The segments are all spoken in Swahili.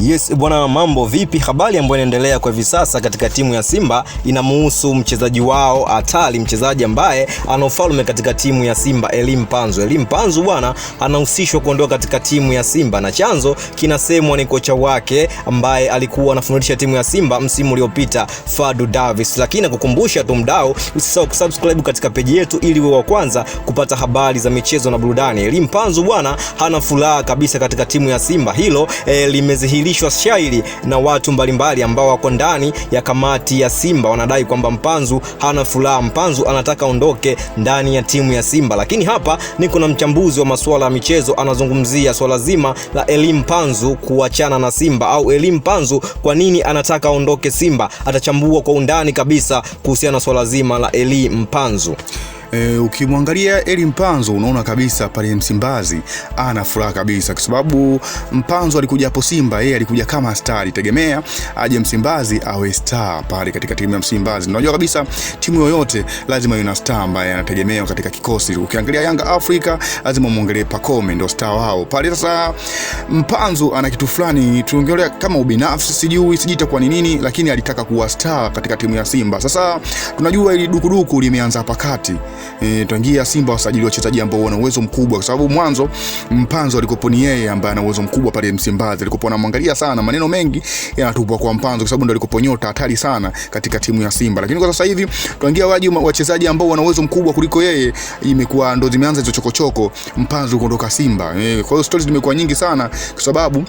Yes bwana, mambo vipi? Habari ambayo inaendelea kwa hivi sasa katika timu ya Simba inamuhusu mchezaji wao hatari, mchezaji ambaye ana ufalme katika timu ya Simba, Elim Panzu. Elim Panzu bwana, anahusishwa kuondoka katika timu ya Simba na chanzo kinasemwa ni kocha wake ambaye alikuwa anafundisha timu ya Simba msimu uliopita, Fadu Davis. Lakini nakukumbusha tu mdau, usisahau kusubscribe katika peji yetu ili uwe wa kwanza kupata habari za michezo na burudani. Elim Panzu bwana, hana furaha kabisa katika timu ya Simba, hilo eh, limezihiri kuwasilishwa shairi na watu mbalimbali ambao wako ndani ya kamati ya Simba. Wanadai kwamba Mpanzu hana furaha, Mpanzu anataka ondoke ndani ya timu ya Simba. Lakini hapa niko na mchambuzi wa masuala ya michezo, anazungumzia swala zima la Eli Mpanzu kuachana na Simba au Eli Mpanzu kwa nini anataka aondoke Simba. Atachambua kwa undani kabisa kuhusiana na swala zima la Eli Mpanzu. E, ukimwangalia Eli Mpanzo unaona kabisa pale Msimbazi ana furaha kabisa, kwa sababu Mpanzo alikuja hapo Simba, yeye alikuja kama star, alitegemea aje Msimbazi awe star pale katika timu ya Msimbazi. Unajua kabisa timu yoyote lazima ina star ambaye anategemewa katika kikosi. Ukiangalia Yanga Afrika lazima muangalie Pacome, ndio star wao pale. Sasa Mpanzo ana kitu fulani, tuongelea kama ubinafsi, sijui sijui itakuwa ni nini, lakini alitaka kuwa star katika timu ya Simba. Sasa tunajua ili dukuduku limeanza hapa kati e, tangia Simba wasajili wachezaji ambao wana uwezo mkubwa, kwa sababu mwanzo Mpanzo alikuwa ni yeye ambaye ana uwezo mkubwa pale Msimbazi, alikuwa anamwangalia sana, maneno mengi yanatupwa kwa Mpanzo kwa sababu ndo alikuwa nyota hatari sana katika timu ya Simba. Lakini kwa sasa hivi tangia waje wachezaji ambao wana uwezo mkubwa kuliko yeye, imekuwa ndo zimeanza hizo chokochoko Mpanzo kuondoka Simba. E, kwa hiyo stories zimekuwa nyingi sana kwa sababu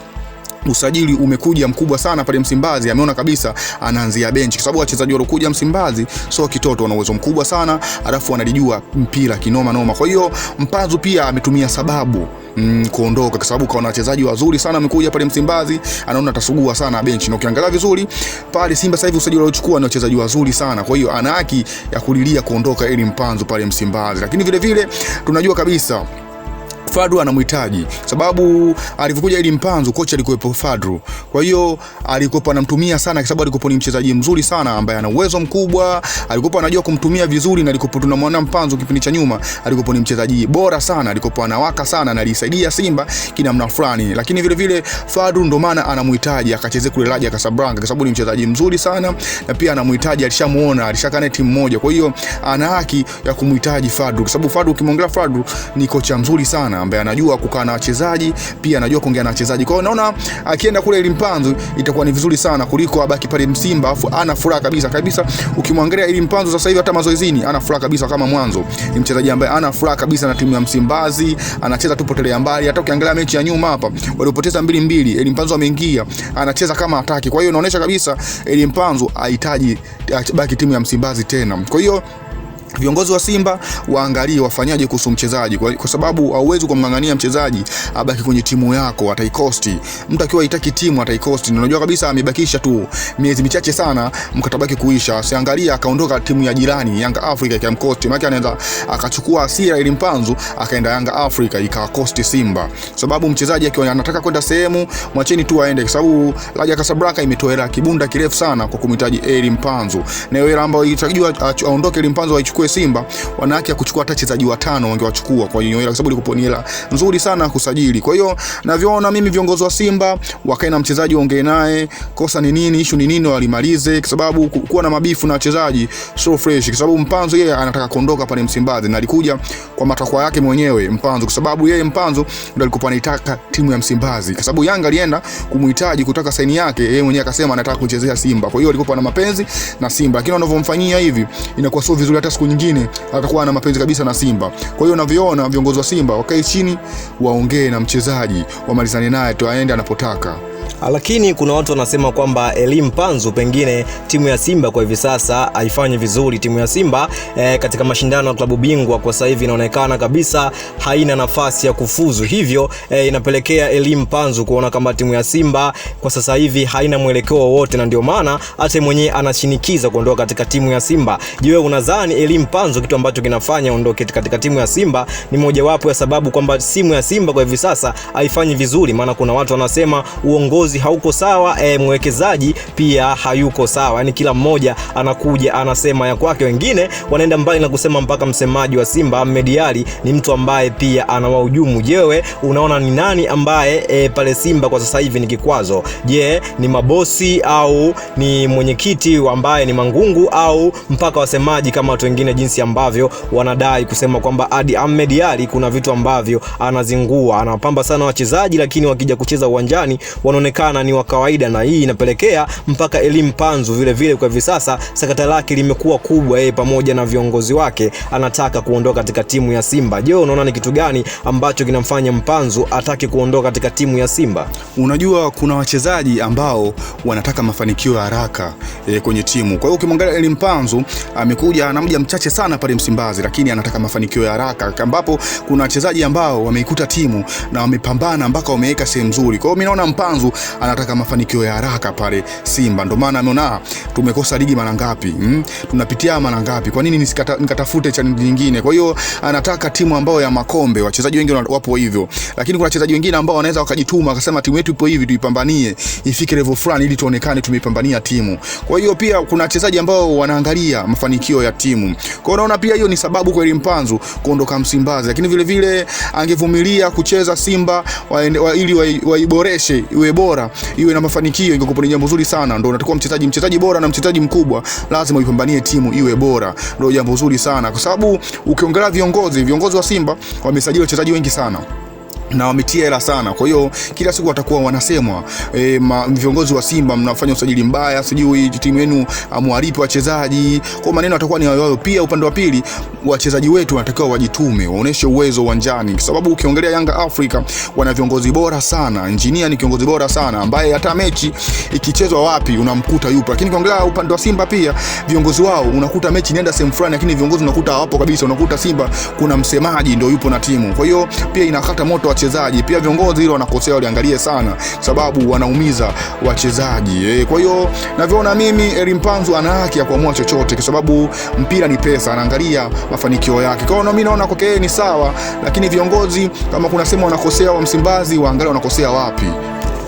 usajili umekuja mkubwa sana pale Msimbazi, ameona kabisa anaanzia benchi, kwa sababu wachezaji walokuja Msimbazi sio kitoto, wana uwezo mkubwa sana, alafu wanalijua mpira kinoma noma. Kwa hiyo Mpanzu pia ametumia sababu mm, kuondoka kwa sababu kaona wachezaji wazuri sana wamekuja pale Msimbazi, anaona atasugua sana benchi. Na ukiangalia vizuri pale Simba sasa hivi usajili waliochukua ni wachezaji wazuri sana, kwa hiyo ana haki ya kulilia kuondoka ili Mpanzu pale Msimbazi, lakini vile vile tunajua kabisa Fadru anamhitaji sababu alivyokuja ili Mpanzu kocha alikuwepo Fadru, kwa hiyo alikuwa anamtumia sana, kwa sababu alikuwa ni mchezaji mzuri sana ambaye ana uwezo mkubwa, alikuwa anajua kumtumia vizuri, na alikuwa tunamwona Mpanzu kipindi cha nyuma alikuwa ni mchezaji bora sana, alikuwa anawaka sana na alisaidia Simba kinamna fulani, lakini vile vile Fadru ndo maana anamhitaji akacheze kule Raja Casablanca, kwa sababu ni mchezaji mzuri sana na pia anamhitaji, alishamuona, alishakaa na timu moja, kwa hiyo ana haki ya kumhitaji Fadru, kwa sababu Fadru, ukimwongelea Fadru ni kocha mzuri sana sana, ambaye anajua kukaa na wachezaji, pia anajua kuongea na wachezaji. Kwa hiyo naona akienda kule Elimpanzu itakuwa ni vizuri sana kuliko abaki pale Msimba, afu ana furaha kabisa kabisa. Ukimwangalia Elimpanzu sasa hivi hata mazoezini ana furaha kabisa kama mwanzo. Ni mchezaji ambaye ana furaha kabisa na timu ya Msimbazi, anacheza tu potelea mbali. Hata ukiangalia mechi ya nyuma hapa waliopoteza mbili mbili, Elimpanzu ameingia anacheza kama hataki. Kwa hiyo inaonyesha kabisa Elimpanzu hahitaji ah, baki timu ya Msimbazi tena, kwa hiyo Viongozi wa Simba waangalie wafanyaje kuhusu mchezaji, kwa kwa sababu hauwezi kumng'ang'ania mchezaji abaki kwenye timu yako, ataikosti. Mtu akiwa haitaki timu ataikosti, na unajua kabisa amebakisha tu miezi michache sana mkataba wake kuisha. Asiangalia akaondoka timu ya jirani Yanga Afrika Africa mkosti, maana anaweza akachukua asira ili mpanzu akaenda Yanga Africa ikakosti Simba, sababu mchezaji akiwa anataka kwenda sehemu mwacheni tu aende, kwa sababu Raja Casablanca imetoa kibunda kirefu sana kwa kumhitaji Elimpanzu, na hiyo ambayo itajua aondoke Elimpanzu aichukue wachukue Simba, wanawake kuchukua hata wachezaji watano wangewachukua kwa hiyo kwa sababu ilikuwa ni hela nzuri sana kusajili. Kwa hiyo navyoona mimi viongozi wa Simba wakae na mchezaji waongee naye, kosa ni nini, issue ni nini, walimalize kwa sababu kuwa na mabifu na wachezaji so fresh, kwa sababu Mpanzo yeye anataka kuondoka pale Msimbazi na alikuja kwa matakwa yake mwenyewe Mpanzo, kwa sababu yeye Mpanzo ndo alikuwa anaitaka timu ya Msimbazi, kwa sababu Yanga alienda kumhitaji kutaka saini yake, yeye mwenyewe akasema anataka kuchezea Simba. Kwa hiyo alikuwa na mapenzi na Simba, lakini wanavyomfanyia hivi inakuwa sio vizuri hata siku nyingine atakuwa na mapenzi kabisa na Simba. Kwa hiyo unavyoona viongozi wa Simba wakae chini, waongee na mchezaji, wamalizane naye tu aende anapotaka. Lakini kuna watu wanasema kwamba elimu panzu, pengine timu ya Simba kwa hivi sasa haifanyi vizuri. Timu ya Simba e, katika mashindano ya klabu bingwa kwa sasa hivi inaonekana kabisa haina nafasi ya kufuzu, hivyo e, inapelekea elimu panzu kuona kama timu ya Simba kwa sasa hivi haina mwelekeo wowote, na ndio maana hata mwenyewe anashinikiza kuondoka katika timu ya Simba. Je, unadhani elimu panzu kitu ambacho kinafanya ondoke katika timu ya Simba ni mojawapo ya sababu kwamba timu ya Simba kwa hivi sasa haifanyi vizuri? Maana kuna watu wanasema uongozi uongozi hauko sawa e, mwekezaji pia hayuko sawa. Yani kila mmoja anakuja anasema ya kwake. Wengine wanaenda mbali na kusema mpaka msemaji wa Simba Ahmed Ally ni mtu ambaye pia anawahujumu. Jewe unaona ni nani ambaye e, pale Simba kwa sasa hivi ni kikwazo? Je, ni mabosi au ni mwenyekiti ambaye ni mangungu au mpaka wasemaji kama watu wengine jinsi ambavyo wanadai kusema kwamba Adi Ahmed Ally kuna vitu ambavyo anazingua, anapamba sana wachezaji, lakini wakija kucheza uwanjani wanaonekana inaonekana ni wa kawaida, na hii inapelekea mpaka elimu panzu. Vile vile kwa hivi sasa sakata lake limekuwa kubwa, yeye pamoja na viongozi wake anataka kuondoka katika timu ya Simba. Je, unaona ni kitu gani ambacho kinamfanya mpanzu ataki kuondoka katika timu ya Simba? Unajua kuna wachezaji ambao wanataka mafanikio ya haraka e, kwenye timu. Kwa hiyo ukimwangalia elimu Panzu amekuja na muda mchache sana pale Msimbazi, lakini anataka mafanikio ya haraka, ambapo kuna wachezaji ambao wameikuta timu na wamepambana mpaka wameweka sehemu nzuri. Kwa hiyo mimi naona Mpanzu anataka mafanikio ya haraka pale Simba. Ndio maana ameona tumekosa ligi mara ngapi? mm? Tunapitia mara ngapi? Kwa nini nisikata, nikatafute challenge nyingine? Kwa hiyo anataka timu ambayo ya makombe, wachezaji wengi wapo hivyo. Lakini kuna wachezaji wengine ambao wanaweza wakajituma akasema timu yetu ipo hivi, tuipambanie ifike level fulani ili tuonekane tumeipambania timu. Kwa hiyo pia kuna wachezaji ambao wanaangalia mafanikio ya timu. Kwa hiyo unaona pia hiyo ni sababu kwa Mpanzu kuondoka Msimbazi, lakini vile vile angevumilia kucheza Simba wa, wa, ili waiboreshe wa iwe bora bora iwe na mafanikio, ingekuwa ni jambo zuri sana. Ndio unatakuwa mchezaji mchezaji bora na mchezaji mkubwa, lazima uipambanie timu iwe bora, ndio jambo zuri sana, kwa sababu ukiongelea viongozi, viongozi wa Simba wamesajili wachezaji wengi sana na wametia hela sana. Kwa hiyo kila siku watakuwa wanasemwa e, ma, viongozi wa Simba mnafanya usajili mbaya, sijui timu yenu amwaripi ah, wachezaji. Kwa maneno atakuwa ni hayo. Pia upande wa pili, wachezaji wetu wanatakiwa wajitume, waoneshe uwezo uwanjani, kwa sababu ukiongelea Yanga Africa wana viongozi bora sana. Injinia ni kiongozi bora sana ambaye hata mechi ikichezwa wapi unamkuta yupo, lakini ukiongelea upande wa Simba pia viongozi wao unakuta mechi inaenda sehemu fulani, lakini viongozi unakuta hawapo kabisa. Unakuta Simba kuna msemaji ndio yupo na timu, kwa hiyo pia inakata moto wa wachezaji, pia viongozi hilo wanakosea, waliangalie sana, sababu wanaumiza wachezaji e. Kwa hiyo navyoona mimi Elimpanzu ana haki ya kuamua chochote, kwa sababu mpira ni pesa, anaangalia mafanikio yake. Kwa hiyo mimi naona kwake ni sawa, lakini viongozi kama kuna sema wanakosea wa Msimbazi, waangalie wanakosea wapi.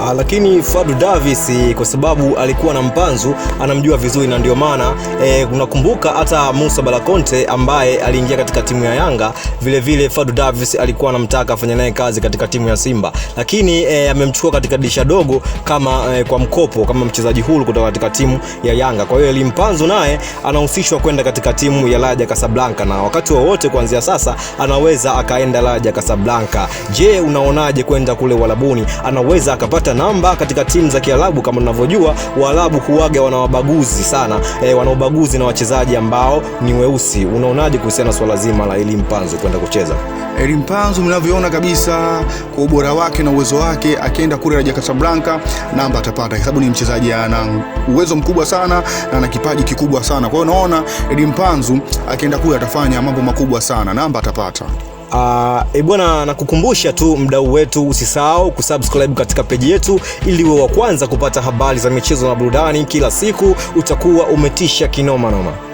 Ah, lakini Fadu Davis eh, kwa sababu alikuwa na mpanzu anamjua vizuri, na ndio maana e, unakumbuka hata Musa Balakonte ambaye aliingia katika timu ya Yanga vile vile Fadu Davis alikuwa anamtaka afanye naye kazi katika timu ya Simba, lakini e, amemchukua katika dirisha dogo kama e, kwa mkopo kama mchezaji huru kutoka katika timu ya Yanga. Kwa hiyo elimpanzu naye anahusishwa kwenda katika timu ya Raja Casablanca na wakati wowote wa kuanzia sasa anaweza akaenda Raja Casablanca. Je, unaonaje kwenda kule Walabuni? Anaweza akapata kupata namba katika timu za Kiarabu. Kama tunavyojua Waarabu huwaga wanawabaguzi sana e, ubaguzi na wachezaji ambao ni weusi. Unaonaje kuhusiana na swala zima la Elie Mpanzu kwenda kucheza? Elie Mpanzu mnavyoona kabisa kwa ubora wake na uwezo wake, akienda kule Raja Casablanca namba atapata, kwa sababu ni mchezaji ana uwezo mkubwa sana na ana kipaji kikubwa sana. Kwa hiyo naona Elie Mpanzu akienda kule atafanya mambo makubwa sana, namba atapata. Uh, e bwana, nakukumbusha tu mdau wetu, usisahau kusubscribe katika peji yetu ili uwe wa kwanza kupata habari za michezo na burudani kila siku. Utakuwa umetisha kinoma noma.